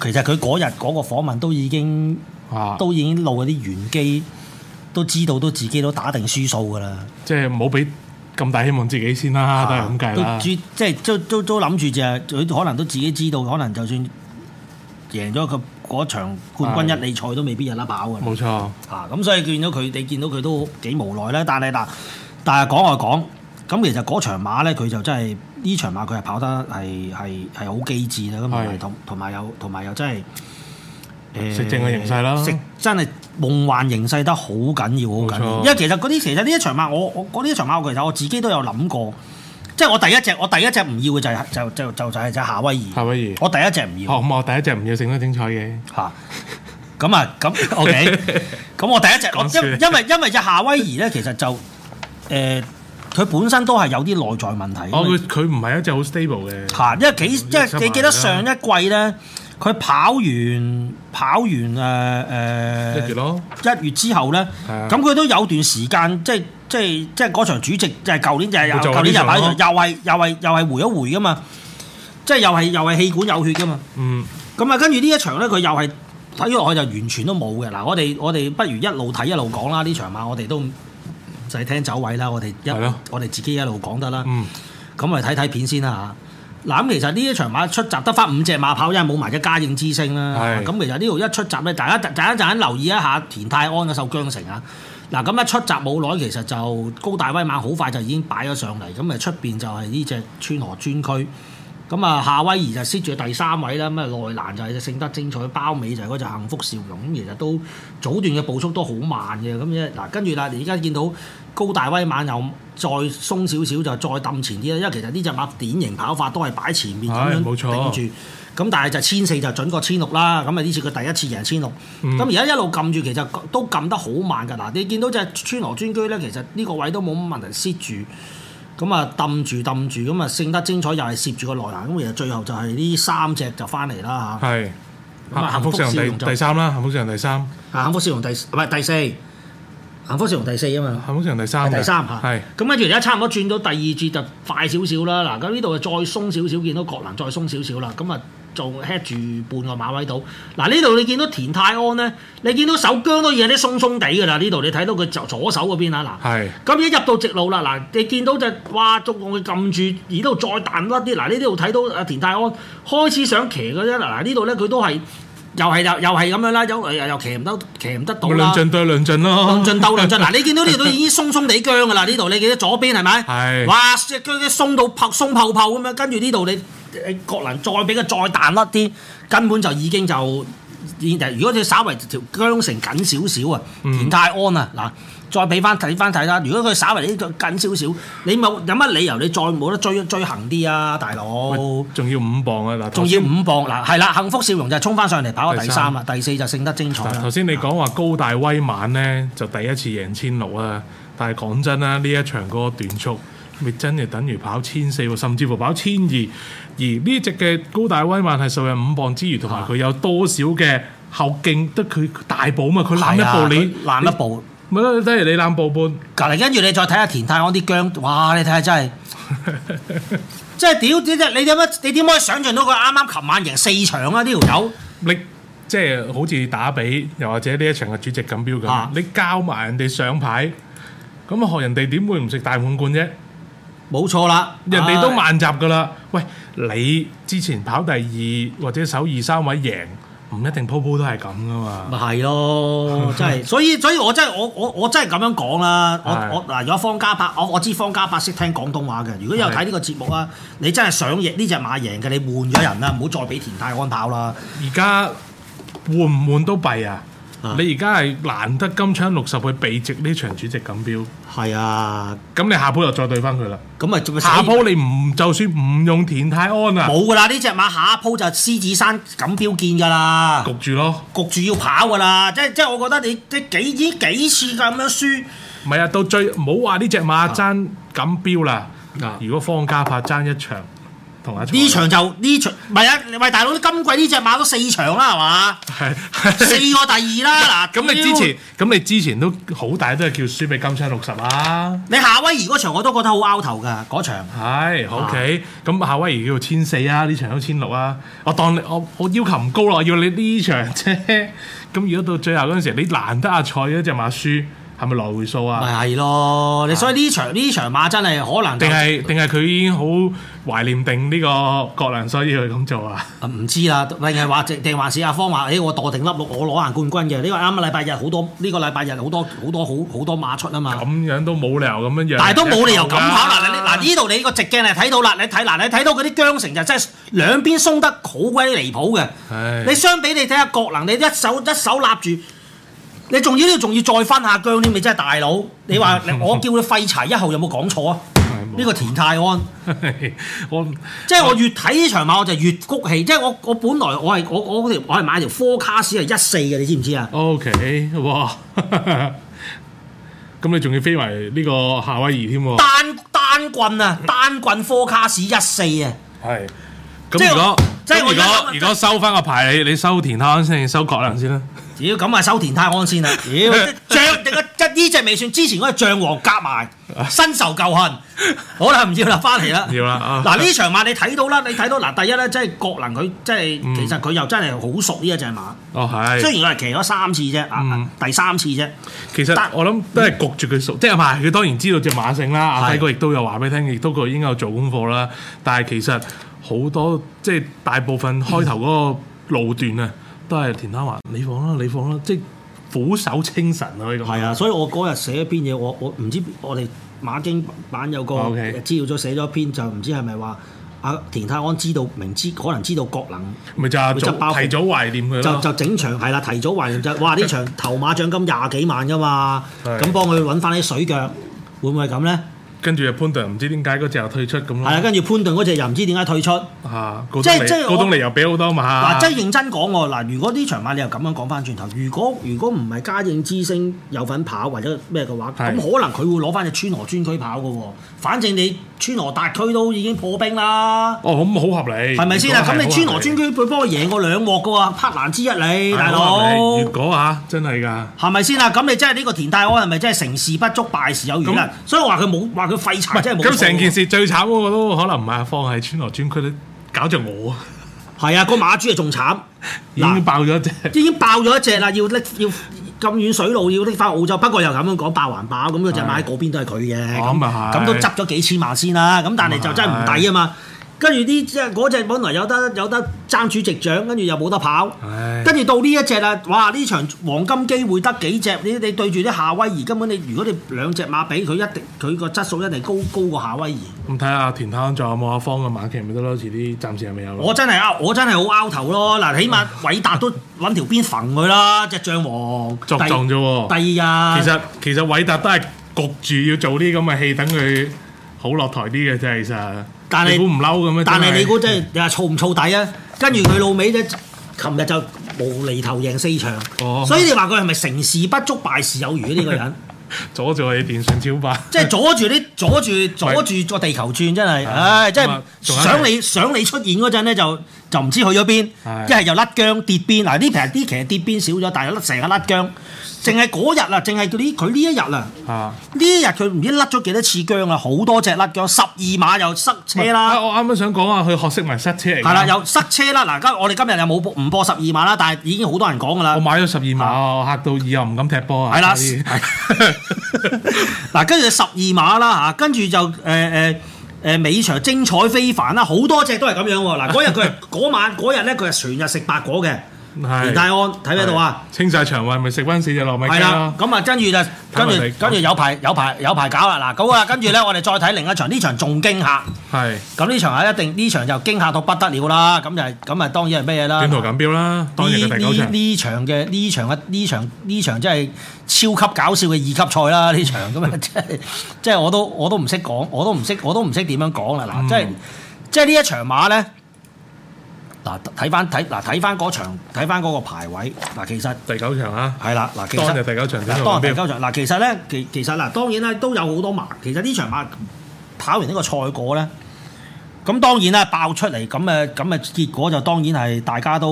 其實佢嗰日嗰個訪問都已經、啊、都已經露嗰啲玄機，都知道都自己都打定輸數噶啦。即係唔好俾咁大希望自己先啦，啊、都係咁計都即係都都都諗住就佢可能都自己知道，可能就算贏咗個嗰場冠軍一哩賽是都未必有得跑嘅。冇錯啊！咁所以見到佢，你見到佢都幾無奈啦。但係嗱，但係講就講，咁其實嗰場馬咧，佢就真係。呢場馬佢係跑得係係係好機智啦，咁同埋又同埋又真係食正嘅形勢啦，食真係夢幻形勢得好緊要，好緊要。因為其實嗰啲其實呢一場馬，我我講呢一場馬，其實我自己都有諗過，即係我第一隻我第一隻唔要嘅就係就就就就係隻夏威夷夏威夷，我第一隻唔要。哦，咁我第一隻唔要，整得精彩嘅嚇。咁啊，咁 OK，咁我第一隻，因因為因為隻夏威夷咧，其實就誒。佢本身都係有啲內在問題。哦，佢唔係一隻好 stable 嘅。嚇，因為幾因為你記得上一季咧，佢跑完跑完誒誒一月咯，一月之後咧，咁佢都有段時間即係即係即係嗰場主席就係舊年就係舊年日馬又又係又係又係回一回噶嘛，即係又係又係氣管有血噶嘛。嗯。咁啊，跟住呢一場咧，佢又係睇落去就完全都冇嘅。嗱，我哋我哋不如一路睇一路講啦。呢場馬我哋都。使聽走位啦，我哋一的我哋自己一路講得啦。咁咪睇睇片先啦嚇。嗱咁其實呢一場馬出閘得翻五隻馬跑，因為冇埋隻嘉應之星啦。咁是的 其實呢度一出閘咧，大家等一陣間留意一下田泰安嘅受降城。啊。嗱咁一出閘冇耐，其實就高大威馬好快就已經擺咗上嚟。咁誒出邊就係呢隻川河專區。咁啊，夏威夷就 sit 住第三位啦，咁啊內欄就係隻勝得精彩，包尾就係嗰隻幸福笑容，咁其實都早段嘅步速都好慢嘅，咁一嗱跟住啦，而家見到高大威猛又再鬆少少就再揼前啲啦，因為其實呢隻馬典型跑法都係擺前面咁樣定住，咁、哎、但係就千四就準過千六啦，咁啊呢次佢第一次贏千六、嗯，咁而家一路撳住其實都撳得好慢㗎，嗱你見到隻川羅尊居咧，其實呢個位都冇乜問題 sit 住。咁啊，掟住掟住，咁啊，勝得精彩，又係攝住個內涵。咁其實最後就係呢三隻就翻嚟啦嚇。係是，咁啊，恆福笑容第三啦，恆福笑容第三，第4，恆福笑容第唔係第四，恆福笑容第四啊嘛。恆福笑容第三是，第三嚇。係。咁跟住而家差唔多轉到第二節就快少少啦。嗱，咁呢度就再鬆少少，見到國能再鬆少少啦。咁啊。吃住半個馬位度。嗱，呢度你見到田泰安咧，你見到手僵到嘢都鬆鬆地㗎啦，呢度你睇到佢就左手嗰邊啊，嗱，咁一入到直路啦，嗱，你見到就哇逐個佢撳住而度再彈甩啲，嗱，呢度睇到啊田泰安開始想騎嘅啫，嗱，呢度咧佢都係又係又又係咁樣啦，又又騎唔得騎唔得到啦，兩陣對兩陣啦，兩陣鬥兩陣，嗱，你見到呢度已經鬆鬆地僵㗎啦，呢度你記得左邊係咪？係，哇！隻腳鬆到泡鬆泡泡咁樣，跟住呢度你。國能再俾佢再彈甩啲，根本就已經就，如果你稍為條韁繩緊少少啊，嗯、田泰安啊，嗱，再俾翻睇翻睇啦。如果佢稍為呢度緊少少，你冇有乜理由你再冇得追追行啲啊，大佬？仲要五磅啊嗱！仲要五磅嗱，係啦，幸福笑容就係衝翻上嚟跑個第三啦，第三，第四就勝得精彩啦。頭先你講話高大威猛咧，就第一次贏千六啊，但係講真啦，呢一場嗰個短促。你真係等於跑千四喎，甚至乎跑千二。而呢隻嘅高大威猛係受人五磅之餘，同埋佢有多少嘅後勁得佢大步嘛？佢攬一步你攬、啊、一步，唔係即係你攬步半。隔籬跟住你再睇下田泰安啲姜，哇！你睇下真係， 即係屌！你你你點樣？你點可以想像到佢啱啱琴晚贏四場啊？呢條狗，你即係好似打比又或者呢一場嘅主席錦標咁，啊、你交埋人哋上牌，咁啊學人哋點會唔食大滿貫啫？冇錯啦，人哋都萬集噶啦。哎、喂，你之前跑第二或者首二三位贏，唔一定鋪鋪都係咁噶嘛。咪係咯，真係。 所以所以我真係我我我真係咁樣講啦。的我我嗱，如果方嘉柏，我我知方嘉柏識聽廣東話嘅。如果有睇呢個節目啊，的你真係想贏呢隻馬贏嘅，你換咗人啦，唔好再俾田泰安跑啦。而家換唔換都弊啊！你而家係難得金槍六十倍避藉呢場主席錦標，係啊，咁你下鋪又再對翻佢啦。咁啊，下鋪你唔就算唔用田泰安啊？冇噶啦，呢隻馬下一鋪就獅子山錦標見噶啦，焗住咯，焗住要跑噶啦。即即我覺得你即幾已幾次咁樣輸，唔係啊，到最唔好話呢隻馬爭錦標啦。啊，如果方嘉柏爭一場。呢場就呢場，唔係啊，喂大佬，今季呢隻馬都四場啦，係嘛？係 四個第二啦，嗱。咁你之前，咁你之前都好大都係叫輸俾金槍六十啊？你夏威夷嗰場我都覺得好拗頭噶，嗰場。係，OK、啊。咁夏威夷叫做千四啊，呢場都千六啊。我當你我我要求唔高咯，我要你呢場啫。咁 如果到最後嗰陣時，你難得阿蔡嗰隻馬輸。係咪來回數啊？咪係咯，你、嗯、所以呢場呢、啊、場馬真係可能定係定係佢已經好懷念定呢個國能，所以佢咁做啊？唔、啊、知啦，定係話定還是阿方話：，誒、哎，我墮定粒六，我攞贏冠軍嘅。呢個啱啱禮拜日好多呢、這個禮拜日好多好多好好多，多馬出啊嘛？咁樣都冇理由咁樣樣。但係都冇理由咁跑嗱嗱、啊，呢度、啊啊、你個直鏡係睇到啦，你睇嗱你睇到嗰啲韁繩就真、是、係兩邊鬆得好鬼離譜嘅。啊啊、你相比你睇下國能，你一手一手立住。你仲要仲要再翻下姜添，咪真係大佬！你話我叫你廢柴一號有冇講錯啊？呢個田泰安，我即係我越睇呢場馬我就越谷氣，即係我我本來我係我我嗰條我係買條科卡士係一四嘅，你知唔知啊？OK，哇！咁你仲要飛埋呢個夏威夷添喎？單單棍啊，單棍科卡士一四啊。係。咁如果即係如果如果收翻個牌，你你收田安先，收郭亮先啦。妖咁啊，收田泰安先啦！妖象定啊，一呢隻未算，之前嗰隻象王夾埋，新仇舊恨，好、啊、啦，唔要啦，翻嚟啦，要啦。嗱呢場馬你睇到啦，你睇到嗱第一咧，即係郭能佢即係其實佢又真係好熟呢、嗯、一隻馬。哦，係。雖然佢係騎咗三次啫，啊、嗯，第三次啫。其實但我諗都係焗住佢熟，嗯、即係唔係佢當然知道隻馬性啦。阿輝哥亦都有話俾你聽，亦都佢已經有做功課啦。但係其實好多即係大部分開頭嗰個路段啊。嗯都係田太華，你放啦，你放啦，即係俯首稱臣可以講。係啊，所以我嗰日寫一篇嘢，我我唔知我哋馬經版有個資料咗寫咗篇，就唔知係咪話阿田泰安知道明知可能知道郭能，咪就爆、啊、提早懷念佢就就整場係啦、啊，提早懷念就哇呢場 頭馬獎金廿幾萬㗎嘛，咁 幫佢揾翻啲水腳，會唔會咁咧？跟住潘頓唔知點解嗰隻又退出咁咯，啊，跟住潘頓嗰隻又唔知點解退出，啊，即係即係高東利又俾好多馬，嗱，即係認真講喎，嗱，如果呢場馬你又咁樣講翻轉頭，如果如果唔係嘉應之星有份跑或者咩嘅話，咁的可能佢會攞翻隻川河專區跑嘅喎，反正你川河大區都已經破冰啦，哦，咁啊，好合理，係咪先啊？咁你川河專區佢幫我贏過兩鑊嘅喎，匹蘭之一你、啊、大佬哥，如果嚇真係㗎，係咪先啊？咁你真係呢個田泰安係咪真係成事不足敗事有餘啊？那所以話佢冇咁廢柴，咁成件事最慘嗰個都可能唔係放喺村內專區咧，搞着我。 啊。係啊，個馬豬啊仲慘， 已經爆咗， 已經爆咗一隻啦，要拎，要咁遠水路要拎翻澳洲。不過又咁樣講，爆還爆，咁佢就買喺嗰邊都係佢嘅，咁啊，咁都執咗幾千萬先啦。咁但係就真係唔抵啊嘛。跟住呢即嗰隻本來有得有得爭主席獎，跟住又冇得跑。跟住唉 到呢一隻啦，哇！呢場黃金機會得幾隻？你你對住啲夏威夷，根本你如果你兩隻馬畀佢一定佢個質素一定高高過夏威夷。咁睇下田灘仲有冇阿、啊、方嘅馬騎咪得咯？遲啲暫時咪有我。我真係啊，我真係好拗頭咯！嗱，起碼韋、啊、達都揾條鞭揈佢啦，隻將王作狀啫。第二啊，第第啊其，其實其實韋達都係焗住要做啲咁嘅戲，等佢好落台啲嘅啫，其實。但估唔嬲噉樣，但係你估真係你話燥唔燥底啊？跟住佢老尾咧，琴日就無厘頭贏四場，哦、所以你話佢係咪成事不足敗事有餘呢、啊？個人 阻住我哋電信超霸，即係阻住啲阻住阻住個地球轉，真係，唉、啊哎，真係想你想你出現嗰陣咧就。就唔知去咗邊，一係又甩姜跌邊。嗱，呢排啲其實跌邊少咗，但係甩成日、啊、甩姜。淨係嗰日啊，淨係嗰啲佢呢一日啊，呢日佢唔知甩咗幾多次姜啊，好多隻甩姜，十二碼又塞車啦、啊。我啱啱想講啊，佢學識埋塞車嚟。係啦，又塞車啦。嗱，我哋今日又冇唔播十二碼啦，但係已經好多人講㗎啦。我買咗十二碼，嚇到以後唔敢踢波啊。係啦，嗱、啊，跟住十二碼啦嚇，跟住就誒誒。啊啊啊 誒每場精彩非凡啦，好多隻都係咁樣喎。嗱，嗰日佢，嗰晚嗰日咧，佢係全日食白果嘅。袁太安睇喺度啊？清晒場係咪食翻四隻糯米雞咯。咁啊，跟住就跟住跟住有排有排有排搞啦。嗱，咁啊，跟住咧，我哋再睇另一場，呢場仲驚嚇。係。咁呢場啊，一定呢場就驚嚇到不得了啦。咁就係咁啊，當然係咩嘢啦？短途錦標啦？當然嘅第九場。呢場嘅呢場嘅，呢場呢場真係超級搞笑嘅二級賽啦！呢場咁啊，即係即係我都我都唔識講，我都唔識我都唔識點樣講啦！嗱，即係即係呢一場馬咧，嗱，睇翻睇嗱，睇翻嗰場，睇翻嗰個排位嗱，其實第九場啊，係啦，嗱，其實當第九場，當然第九場嗱，其實咧，其其實嗱，當然咧都有好多馬。其實呢場馬跑完呢個賽果咧，咁當然啦，爆出嚟咁誒咁誒結果就當然係大家都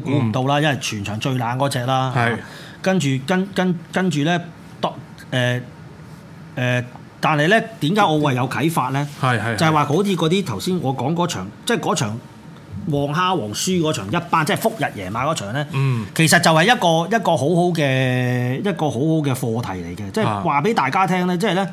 估唔到啦，嗯、因為全場最冷嗰隻啦，係的跟住跟跟跟住咧，當誒誒，但係咧點解我會有啟發咧？係係的就係話好似嗰啲頭先我講嗰場，即係嗰場。黃蝦黃輸嗰場一班，即係福日贏馬嗰場咧，嗯、其實就係一個一個好好嘅一個好好嘅課題嚟嘅，即係話俾大家聽呢，即係呢，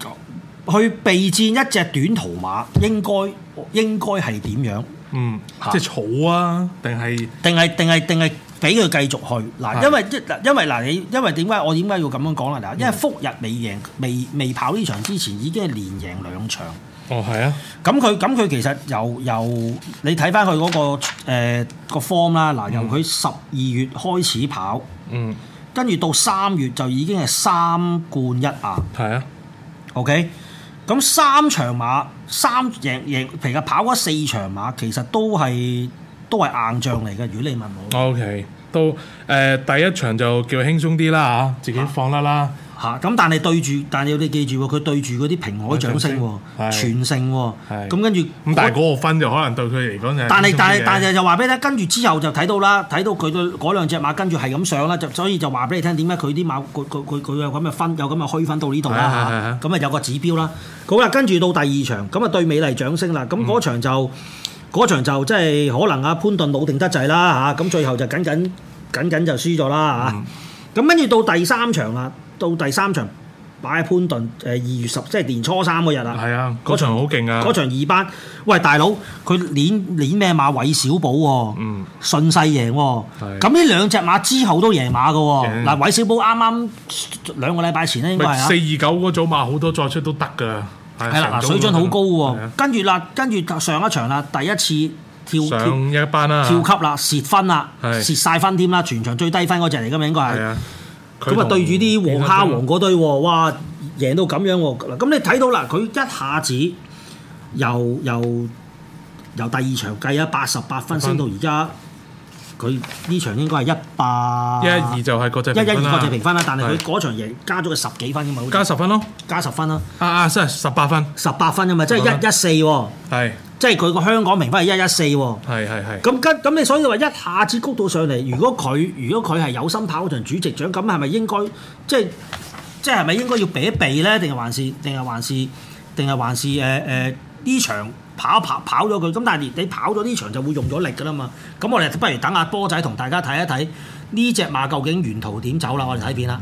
去備戰一隻短途馬應該應該係點樣？嗯，即係草啊，定係定係定係定係俾佢繼續去嗱是，因為因為嗱你因為點解我點解要咁樣講啦？嗯、因為福日未贏未未跑呢場之前已經係連贏兩場。哦，係啊！咁佢咁佢其實由由你睇翻佢嗰個誒個 form 啦，嗱由佢十二月開始跑，嗯，跟住到三月就已經係三冠一亞。係啊，OK，咁三場馬三贏贏，其實跑咗四場馬，其實都係都係硬仗嚟嘅。如果你問我、哦、OK，都誒、呃、第一場就叫輕鬆啲啦，嚇自己放甩啦。啊吓！咁但係對住，但係你記住喎，佢對住嗰啲平海掌聲喎，聲全勝喎，咁跟住咁但係嗰個分就可能對佢嚟講就係，但係但係但係就話俾你聽，跟住之後就睇到啦，睇到佢嘅嗰兩隻馬跟住係咁上啦，就所以就話俾你聽點解佢啲馬佢佢佢佢有咁嘅分，有咁嘅虛分到呢度啦，咁啊有個指標啦。好啦，跟住到第二場，咁啊對美麗掌聲啦，咁嗰場就嗰、嗯、場，場就即係可能阿潘頓老定得滯啦嚇，咁最後就緊緊緊緊就輸咗啦嚇。咁、嗯、跟住到第三場啊！到第三場擺喺潘頓誒二月十，即係年初三嗰日啦。係啊，嗰場好勁噶。嗰場二班，喂大佬，佢捻捻咩馬韋小寶喎？嗯。順勢贏喎。係。咁呢兩隻馬之後都贏馬噶。嗱韋小寶啱啱兩個禮拜前咧，應該四二九嗰組馬好多再出都得噶。係啦，嗱水準好高喎。跟住啦，跟住上一場啦，第一次跳跳級啦，蝕分啦，蝕晒分添啦，全場最低分嗰隻嚟㗎嘛，應該係。咁啊，他對住啲黃蝦王嗰隊喎，哇，贏到咁樣喎！咁你睇到啦，佢一下子由由由第二場計啊，八十八分升到而家，佢呢場應該係一百一一二就係嗰隻一一二嗰隻平分啦，但係佢嗰場贏是加咗個十幾分啫嘛，加十分咯，加十分啦，啊，啊啊，即係十八分，十八分啊嘛，即係一一四喎，係、哦。即係佢個香港評分係一一四喎，係係係。咁跟咁你所以話一下子谷到上嚟，如果佢如果佢係有心跑嗰場主席獎，咁係咪應該即係即係係咪應該要避一避咧？定係還是定係還是定係還是誒誒呢場跑跑跑咗佢？咁但係你跑咗呢場就會用咗力㗎啦嘛。咁我哋不如等阿波仔同大家睇一睇呢隻馬究竟沿途點走啦。我哋睇片啦。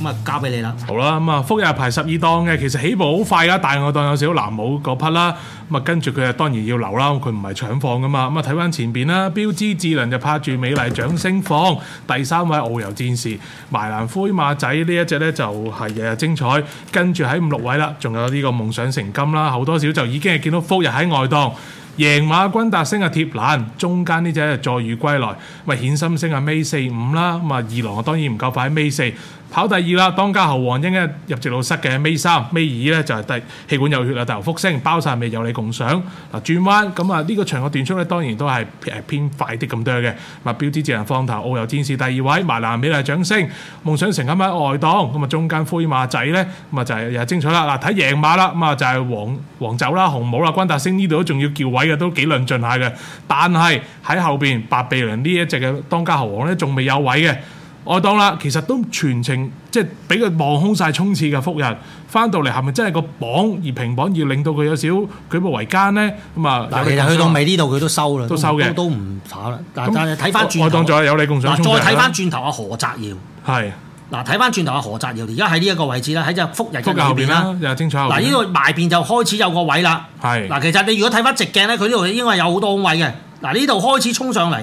咁啊，交俾你啦。好啦，咁啊，福日排十二檔嘅，其實起步好快啦，大係外檔有少少難帽嗰匹啦。咁啊，跟住佢啊，當然要留啦，佢唔係搶放噶嘛。咁啊，睇翻前邊啦，標緻智能就拍住美麗掌聲放第三位，遨遊戰士埋藍灰馬仔呢一隻咧，就係日日精彩。跟住喺五六位啦，仲有呢個夢想成金啦，好多少就已經係見到福日喺外檔贏馬君達升啊，貼攬中間呢隻助遇歸來咪顯心升啊，M a y 四五啦，咁啊二郎啊當然唔夠快，M 喺 a y 四。跑第二啦，當家猴王已經入直路時嘅，尾三尾二咧就係、是、第氣管有血啦，大幅升，包晒未有，有你共賞嗱，轉彎咁啊呢個場嘅段速咧當然都係誒偏快啲咁多嘅，目、嗯、標志智能放頭奧遊戰士第二位埋南美麗掌聲，夢想成咁喺外檔咁啊，中間灰馬仔咧咁啊就是、又係精彩啦嗱，睇贏馬啦咁啊就係黃黃酒啦、紅帽啦、軍達星呢度都仲要叫位嘅，都幾論盡下嘅，但係喺後邊白鼻梁呢一隻嘅當家猴王咧仲未有位嘅。我當啦，其實都全程即係俾佢望空晒衝刺嘅複日，翻到嚟係咪真係個榜而平榜而令到佢有少舉步維艱咧？咁啊，其實去到尾呢度佢都收啦，都收嘅。都唔跑啦。但係睇翻轉，我當仲係有你共。再睇翻轉頭啊何澤堯，係，嗱，睇翻轉頭啊何澤堯，而家喺呢一個位置啦，喺隻複日嘅後邊啦，精彩後。嗱呢度埋邊就開始有個位啦。係，嗱，其實你如果睇翻直鏡咧，佢呢度應該係有好多位嘅。嗱呢度開始衝上嚟。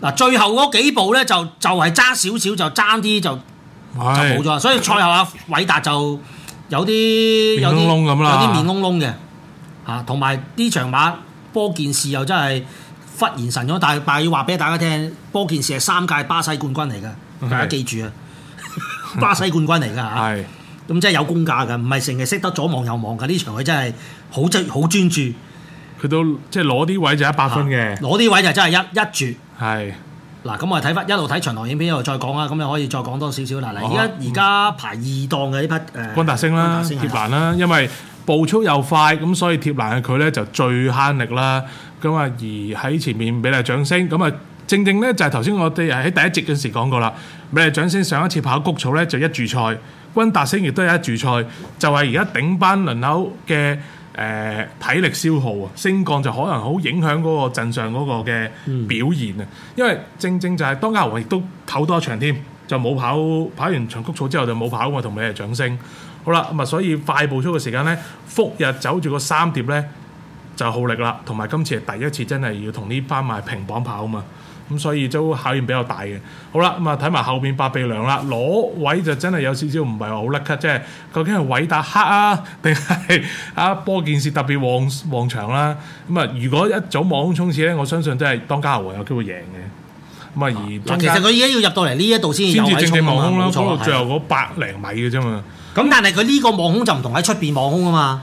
嗱，最後嗰幾步咧就就係揸少少就爭啲就就冇咗。所以賽後阿韋達就有啲有啲面窿窿嘅嚇，同埋呢場馬波健士又真係忽然神咗。但係但係要話俾大家聽，波健士係三屆巴西冠軍嚟㗎，大家 Okay. 記住啊！巴西冠軍嚟㗎嚇，咁真係有功價嘅，唔係成日識得左望右望㗎。呢場佢真係好專好專注，佢都即係攞啲位就、啊、位就一百分嘅，攞啲位就真係一一絕。係嗱，咁我哋睇翻一路睇長台影片，一路再講啊。咁你可以再講多少少。嗱，嗱，而家而家排二檔嘅呢匹誒，君達星啦，貼欄啦，因為步速又快，咁所以貼欄嘅佢咧就最慳力啦。咁啊，而喺前面美麗掌聲，咁啊正正咧就係頭先我哋喺第一節嗰時講過啦。美麗掌聲上一次跑谷草咧就一注賽，君達星亦都係一注賽，就係而家頂班輪流嘅。誒、呃、體力消耗啊，升降就可能好影響嗰個陣上嗰個嘅表現啊，嗯、因為正正就係當阿王亦都跑多場添，就冇跑，跑完長谷草之後就冇跑嘛，同埋你係漲升。好啦，咁啊所以快步速嘅時間咧，復日走住個三碟咧就耗力啦，同埋今次係第一次真係要同呢班賣平榜跑啊嘛。咁所以都考驗比較大嘅。好啦，咁啊睇埋後邊八鼻梁啦，攞位就真係有少少唔係話好甩 cut 即係究竟係偉達黑啊定係啊波件事特別旺旺場啦。咁、嗯、啊，如果一早網空衝刺咧，我相信真係當家豪運有機會贏嘅。咁啊而其實佢而家要入到嚟呢一度先先至正正網空啦，冇錯，最後嗰百零米嘅啫嘛。咁但係佢呢個網空就唔同喺出邊網空啊嘛。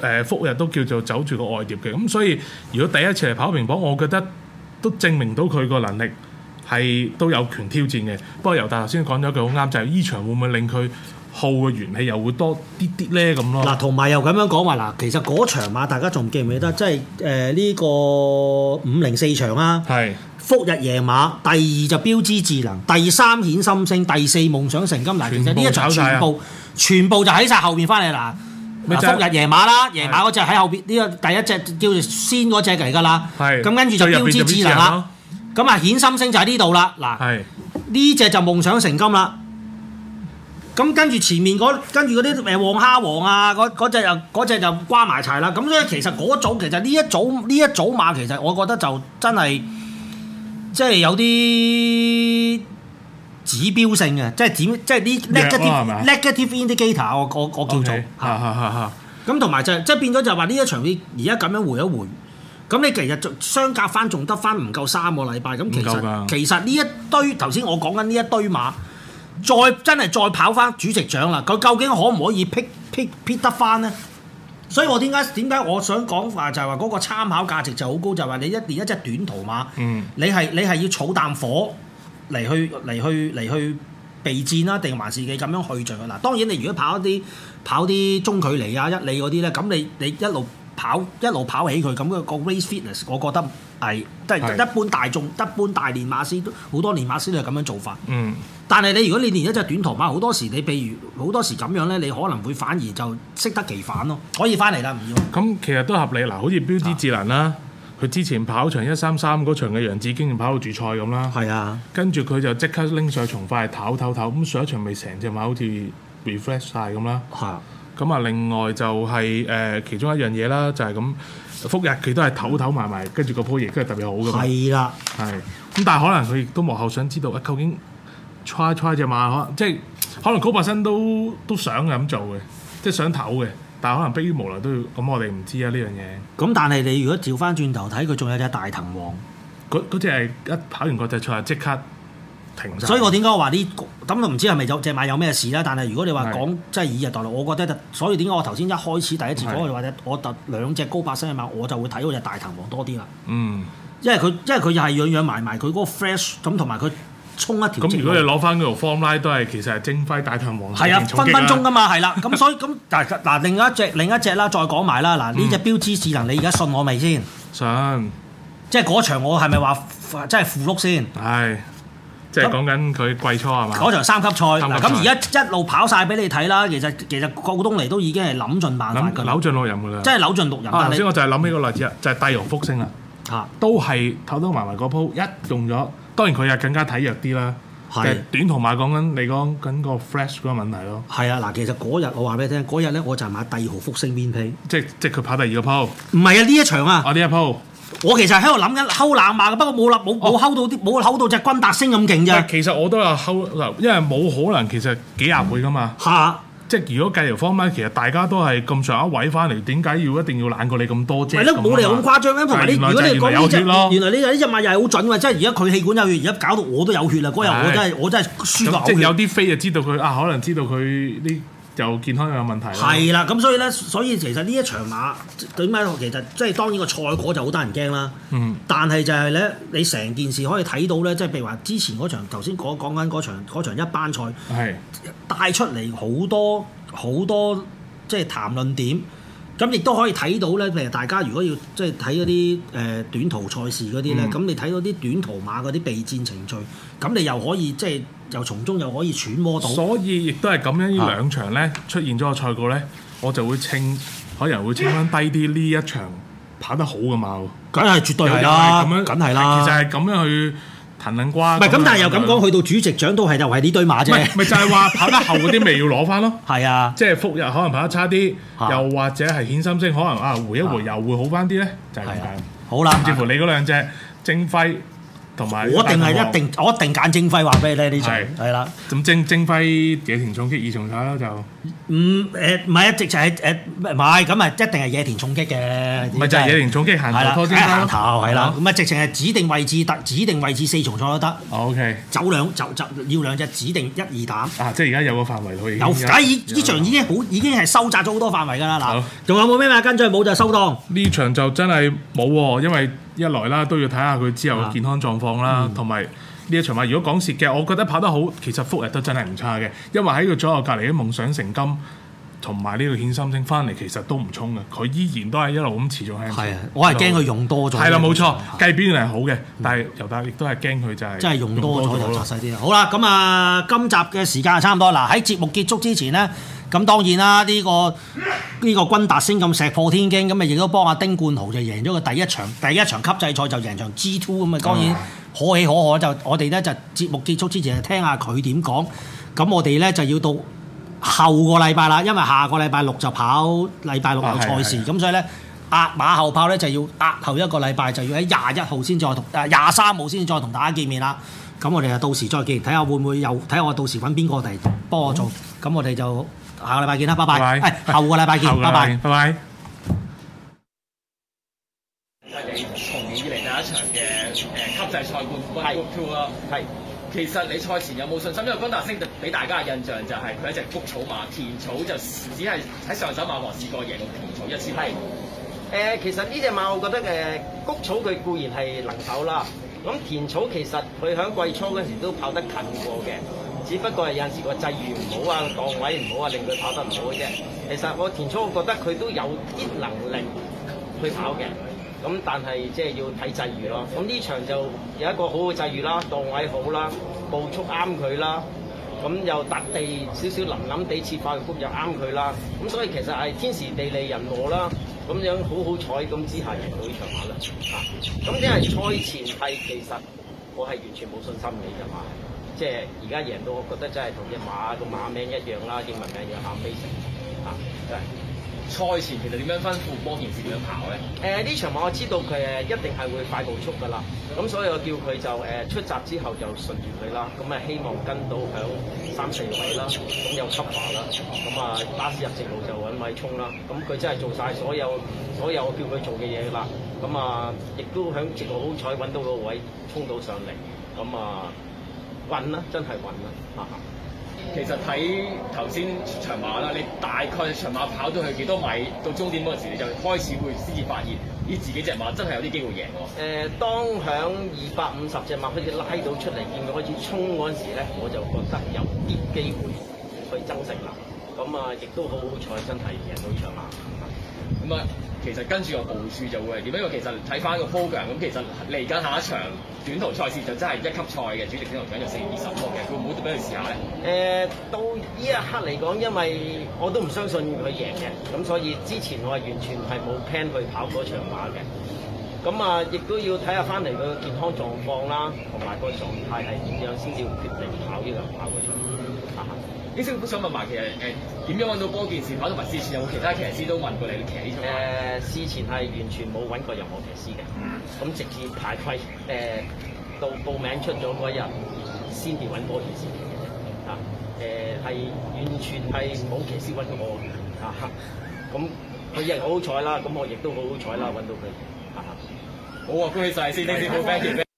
誒復日都叫做走住個外碟嘅，咁所以如果第一次嚟跑平磅，我覺得都證明到佢個能力係都有權挑戰嘅。不過由大頭先講咗一句好啱，就係呢場會唔會令佢耗嘅元氣又會多啲啲咧咁咯？嗱，同埋又咁樣講話嗱，其實嗰場馬大家仲記唔記得？即係誒呢個五零四場啊，係復日贏馬，第二就標誌智能，第三顯心性，第四夢想成金。嗱，其實呢一場全部全部，全部就喺晒後面翻嚟喇。嗱，旭、啊、日野馬啦，野馬嗰隻喺後邊，呢個第一隻叫做先嗰隻嚟㗎啦。係是，咁跟住就標智能啦。咁啊是，顯心星就喺呢度啦。嗱是，呢隻就夢想成金啦。咁跟住前面嗰，跟住嗰啲誒黃蝦王啊，嗰嗰隻又嗰隻就關埋齊啦。咁所以其實嗰組其實呢一組，呢一組馬，其實我覺得就真係即係有啲。指標性嘅，即係指即係呢 negative indicator，我我我叫做咁同埋就即係變咗就話呢一場，而家咁樣回一回，咁你其實相隔翻仲得翻唔夠三個禮拜，咁其實其實呢一堆頭先我講緊呢一堆馬，再真係再跑翻主席獎啦，佢究竟可唔可以 pick pick pick 得翻呢？所以我點解點解我想講話就係話嗰個參考價值就好高，就係話你一連一隻短途馬，你係你係要儲啖火。嚟去嚟去嚟去備戰啦，定還是你咁樣去着？啊！嗱，當然你如果跑一啲跑啲中距離啊、一里嗰啲咧，咁你你一路跑一路跑起佢，咁、嗰個 race fitness 我覺得係都係一般大眾、一般大練馬師都好多練馬師係咁樣做法。嗯。但係你如果你練一隻短途馬，好多時你譬如好多時咁樣咧，你可能會反而就適得其反咯。可以翻嚟啦，唔要。咁其實都合理啦，好似彪子智能啦、啊。啊。佢之前跑場一三三嗰場嘅楊子竟然跑到住賽咁啦，係啊，跟住佢就即刻拎上從化嚟唞唞唞，咁上一場咪成隻馬好似 refresh 晒咁啦，嚇，咁啊另外就係、是、誒、呃、其中一樣嘢啦，就係咁復日佢都係唞唞埋埋，跟住個鋪亦都係特別好嘅，係啦是、啊，係，咁但係可能佢亦都幕後想知道啊，究竟 try try 隻馬可能，即係可能高伯新都都想咁做嘅，即係想唞嘅。但可能迫於無奈都要咁，我哋唔知啊呢樣嘢。咁但係你如果調翻轉頭睇，佢仲有隻大藤王。嗰嗰隻係一跑完國際賽即刻停。所以我點解我話呢？咁就唔知係咪有隻馬有咩事啦？但係如果你話講是的 即係以逸待勞，我覺得所以點解我頭先一開始第一次講嘅話咧，是的 我特兩隻高百星嘅馬我就會睇嗰隻大藤王多啲啦。嗯因，因為佢因為佢又係樣樣埋埋，佢嗰個 fresh 咁同埋佢。沖一條。咁如果你攞翻嗰條 Form line 都係其實係正輝大堂王，係啊分分鐘㗎嘛，係啦。咁所以咁，嗱另一隻另一隻啦，再講埋啦。嗱呢隻標誌智能，你而家信我未先？信。即係嗰場我係咪話即係符碌先？係。即係講緊佢季初係嘛？嗰場三級賽。咁而家一路跑晒俾你睇啦。其實其實告東尼都已經係諗盡辦法㗎。扭盡六壬㗎啦。即係扭盡六壬。首先我就係諗起個例子啊，就係大陽復星啦，嚇都係透到埋埋嗰鋪，一用咗。當然佢又更加體弱啲啦，係、啊、短同埋講緊你講緊個 flash 嗰個問題咯。係啊，嗱，其實嗰日我話畀你聽，嗰日咧我就係買第二號福星面皮，即即佢跑第二個鋪。唔係啊，呢一場啊，我呢、啊、一鋪，我其實喺度諗緊收冷馬嘅，不過冇冇冇收到啲，冇收到隻君達星咁勁啫。其實我都有收嗱，因為冇可能，其實幾廿倍噶嘛。嚇、嗯！即係如果計條方咧，其實大家都係咁上一位翻嚟，點解要一定要懶過你咁多啫？係咯喂，冇理由咁誇張嘅。原來你講嘅嘢就原來呢隻脈又係好準㗎，即係而家佢氣管有血，而家搞到我都有血啦。嗰日我真係的我真係的輸咗。即係有啲飛就知道佢啊，可能知道佢呢？就健康又有問題啦。係啦，咁所以呢，所以其實呢一場馬點解其實即係當然個賽果就好得人驚啦。嗯。但係就係呢，你成件事可以睇到呢，即係譬如話之前嗰場頭先講講緊嗰場嗰場一班賽，係是的 帶出嚟好多好多即係談論點。咁亦都可以睇到呢，譬如大家如果要即係睇嗰啲誒短途賽事嗰啲呢，咁，嗯，你睇到啲短途馬嗰啲備戰程序，咁你又可以即係。又從中又可以揣摩到，所以亦都係咁樣。呢兩場咧出現咗個賽果咧，我就會稱可能會稱翻低啲。呢一場跑得好嘅馬，梗係絕對係啦，梗係啦。其實係咁樣去談緊瓜。唔係咁，但係又咁講，去到主席獎都係又係呢堆馬啫。咪就係話跑得後嗰啲咪要攞翻咯。係啊，即係復日可能跑得差啲，又或者係顯心聲，可能啊回一回又會好翻啲咧，就係好啦，甚至乎你嗰兩隻正輝，我一定係一定，我一定揀精輝，話俾你聽呢場，係啦。咁精精輝野田重擊二重彩啦，就唔誒，唔係一直就係誒，唔係咁啊，一定係野田重擊嘅。唔係就係野田重擊行頭，係啦。咁係直情係指定位置特指定位置四重彩都得。O K。走兩就就要兩隻指定一二膽。啊，即係而家有個範圍可以。有，梗係呢場已經好，已經係收窄咗好多範圍㗎啦。嗱，仲有冇咩啊？跟住冇就收檔。呢場就真係冇喎，因為。一來啦，都要睇下佢之後嘅健康狀況啦，同埋呢一場話。如果講蝕嘅，我覺得拍得好，其實復力都真係唔差嘅。因為喺佢左右隔籬，啲夢想成金同埋呢個顯心星返嚟，其實都唔衝嘅。佢依然都係一路咁持續輕。係啊，我係驚佢用多咗。係啦路，冇、啊、錯，計表現係好嘅，啊、但係尤達亦都係驚佢就係真係用多咗就窄細啲啦。好啦，咁啊，今集嘅時間差唔多啦。喺節目結束之前呢。咁當然啦，呢、呢個呢、呢個君達星咁石破天驚，咁咪亦都幫阿丁冠豪就贏咗個第一場第一場級制賽就贏場 G2 咁啊，當然可喜可賀，就我哋咧就節目結束之前就聽下佢點講。咁我哋咧就要到後個禮拜啦，因為下個禮拜六就跑禮拜六有賽事，咁所以咧阿馬後炮咧就要押後一個禮拜就要喺廿一號先再同廿三號先再同大家見面啦。咁我哋就到時再見，睇下會唔會有睇下我到時揾邊個嚟幫我做，咁、哦、我哋就。下個禮拜見啦，拜拜！係後個禮拜見，拜拜，哎、拜拜。係你今年以嚟第一場嘅誒級制賽冠軍 Group Two 啦。係，其實你賽前有冇信心？因為方達星對俾大家嘅印象就係佢一隻谷草馬，田草就只係喺上手馬王試過贏田草一次。批誒其實呢隻馬我覺得誒、呃、谷草佢固然係能手啦，咁、啊嗯、田草其實佢喺季初嗰陣時都跑得近過嘅。只不過係有陣時個際遇唔好啊，檔位唔好啊，令佢跑得唔好嘅、啊、啫。其實我田初我覺得佢都有啲能力去跑嘅，咁但係即係要睇際遇咯。咁呢場就有一個好好際遇啦，檔位好啦，步速啱佢啦，咁又特地少少淋淋地設法入局又啱佢啦。咁所以其實係天時地利人和啦，咁樣好好彩咁之下贏到呢場馬啦。啊，咁因為賽前係其實我係完全冇信心嘅啫嘛。即係而家贏到，我覺得真係同隻馬個馬名一樣啦，英文名叫 Hamster 啊，真、就、係、是、賽前其實點樣吩咐摩劍士點跑咧？誒呢、呃、場馬我知道佢誒一定係會快步速噶啦，咁所以我叫佢就誒、呃、出閘之後就順住佢啦，咁、嗯、啊希望跟到響三四位啦，咁、嗯、有 cover 啦，咁、嗯、啊巴士入直路就揾位衝啦，咁、嗯、佢真係做晒所有所有我叫佢做嘅嘢啦，咁、嗯、啊亦都響直路好彩揾到個位衝到上嚟，咁、嗯、啊～運啦，真係運啦。啊，其實睇頭先場馬啦，你大概場馬跑到去幾多米，到終點嗰時你就開始會先至發現，咦，自己隻馬真係有啲機會贏喎。誒、呃，當響二百五十隻馬開始拉到出嚟，見佢開始衝嗰陣時咧，我就覺得有啲機會可以爭勝啦。咁啊，亦都好好彩真係贏到場馬。咁啊、嗯，其實跟住個部署就會點樣？因為其實睇翻個 program，咁其實嚟緊下，下一場短途賽事就真係一級賽嘅，主席獎項就四百二十個嘅，會唔會都俾佢試下咧？誒、欸，到呢一刻嚟講，因為我都唔相信佢贏嘅，咁所以之前我係完全係冇 plan 去跑嗰場馬嘅。咁啊，亦都要睇下翻嚟佢嘅健康狀況啦，同埋個狀態係點樣先至會決定跑呢場跑嘅。啊。醫生都想問埋，其實誒點樣揾到波件事？我同埋之前有冇其他騎師都問過你？騎呢出？誒之前係完全冇揾過任何騎師嘅，咁直接排隊誒到報名出咗嗰日先至揾波件事嘅，嚇誒係完全係冇騎師揾過我嘅，嚇咁佢亦好好彩啦，咁我亦都好好彩啦，揾到佢嚇，好啊，恭喜晒！先，先。